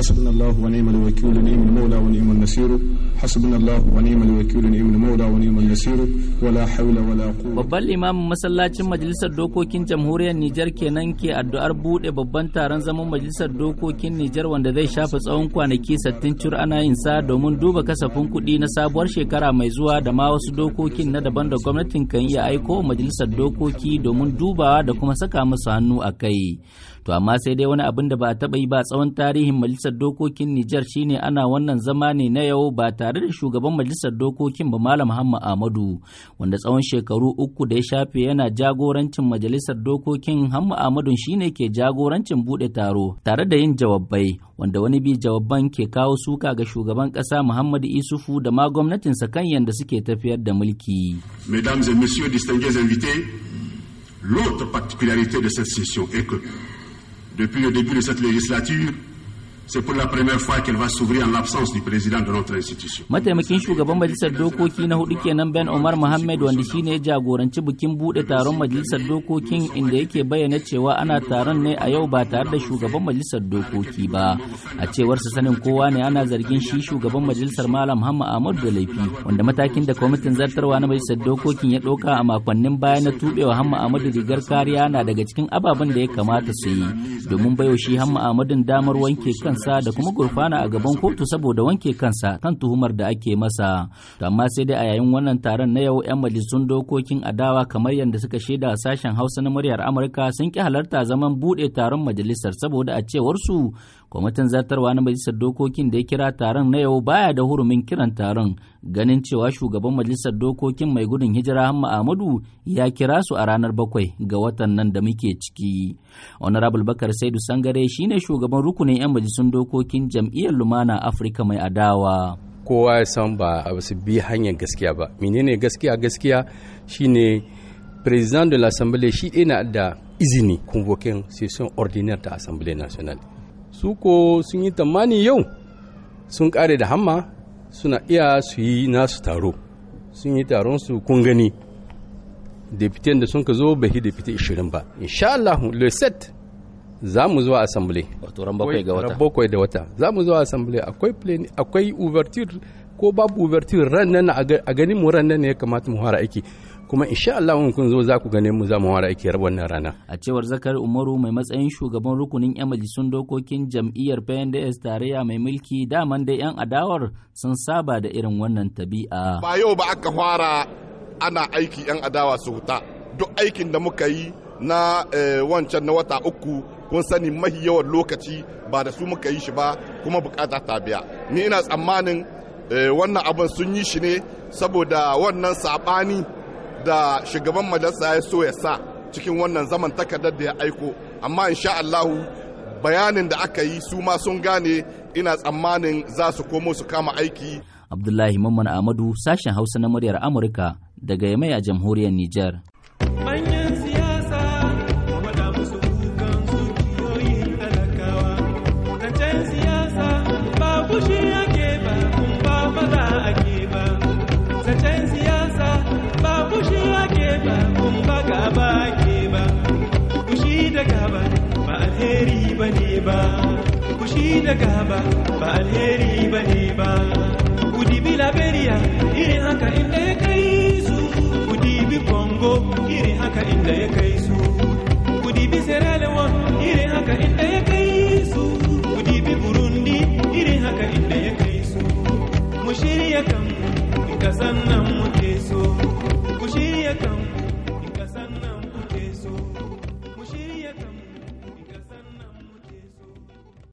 حسبنا الله ونعم الوكيل نعم المولى ونعم النصير حسبنا الله ونعم الوكيل نعم المولى ونعم النصير ولا حول ولا قوة babban limamin masallacin majalisar dokokin jamhuriyar Nijar kenan ke addu'ar bude babban taron zaman majalisar dokokin Nijar wanda zai shafa tsawon kwanaki 60 cur ana yin sa domin duba kasafin kuɗi na sabuwar shekara mai zuwa da ma wasu dokokin na daban da gwamnatin kan iya aiko majalisar dokoki domin dubawa da kuma saka musu hannu a kai to amma sai dai wani abin da ba a taba yi ba tsawon tarihin majalisar majalisar dokokin Nijar shine ana wannan zama ne na yau ba tare da shugaban majalisar dokokin ba Malam Muhammad Ahmadu wanda tsawon shekaru uku da ya shafe yana jagorancin majalisar dokokin Hamma Ahmadu shine ke jagorancin bude taro tare da yin jawabai wanda wani bi jawaban ke kawo suka ga shugaban kasa Muhammadu Isufu da ma gwamnatinsa kan yadda suke tafiyar da mulki. Mesdames et messieurs distingués invités, l'autre particularité de cette session est que depuis le début de cette législature, c'est pour la première fois qu'elle va s'ouvrir en l'absence du président de notre institution. Mataimakin shugaban majalisar dokoki na hudu kenan Ben Omar Mohammed wanda shine jagoranci bikin bude taron majalisar dokokin inda yake bayyana cewa ana taron ne a yau ba tare da shugaban majalisar dokoki ba. A cewar sa sanin kowa ne ana zargin shi shugaban majalisar Malam Muhammad Ahmad da laifi wanda matakin da kwamitin zartarwa na majalisar dokokin ya ɗauka, a makonnin baya na tubewa Muhammad Ahmad rigar kariya na daga cikin ababen da ya kamata su yi domin baiwa shi Hamma Ahmadin damar wanke kan kansa da kuma gurfana a gaban kotu saboda wanke kansa kan tuhumar da ake masa to amma sai dai a yayin wannan taron na yau 'yan majalisun dokokin adawa kamar yadda suka shaida sashen hausa na muryar amurka sun ki halarta zaman buɗe taron majalisar saboda a cewar su kwamitin zartarwa na majalisar dokokin da ya kira taron na yau baya da hurumin kiran taron ganin cewa shugaban majalisar dokokin mai gudun hijira ahmadu ya kira su a ranar bakwai ga watan nan da muke ciki honorable bakar saidu sangare shine shugaban rukunin 'yan majalisun dokokin jam'iyyar lumana afirka mai adawa kowa ya san ba a su bi hanyar gaskiya ba menene gaskiya gaskiya shine president de l'assemblée shi na da izini convoquer session ordinaire ta assemblée nationale su ko sun yi tamani yau sun kare da hamma suna iya su yi nasu taro sun yi taron su kun gani deputen da sun ka zo bai depute 20 ba insha Allah set za mu zuwa assembly wato ran bakwai ga wata bakwai da wata za mu zuwa assembly akwai plane akwai overture ko babu overture ran nan a gani mu ran nan ne ya kamata mu fara aiki kuma insha Allah mun kun zo za ku gane mu za mu wara ake wannan rana a cewar Zakar Umaru mai matsayin shugaban rukunin yan majalisun dokokin jam'iyyar PNDS tarayya mai mulki daman da yan adawar sun saba da irin wannan tabi'a ba yau ba aka fara ana aiki yan adawa su huta duk aikin da muka yi na eh, wancan na wata uku kun sani mahi yawan lokaci ba da su muka yi shi ba kuma bukata ta biya ni ina tsammanin eh, wannan abin sun yi shi ne saboda wannan saɓani. da shugaban majalisa ya so ya sa cikin wannan zaman takardar da ya aiko amma insha Allahu bayanin da aka yi su ma sun gane ina tsammanin za su komo su kama aiki Abdullahi Mamman Ahmadu sashen Hausa na muryar Amurka daga Yamai a jamhuriyar Nijar. siyasa bake ba kushi da gaba ba alheri bane ba kushi da gaba ba alheri bane ba kudi bi liberia iri haka inda ya kai su kudi bi congo iri haka inda ya kai su kudi bi sierra leone iri haka inda ya kai su kudi bi burundi iri haka inda ya kai su mu shirya kanmu kasan nan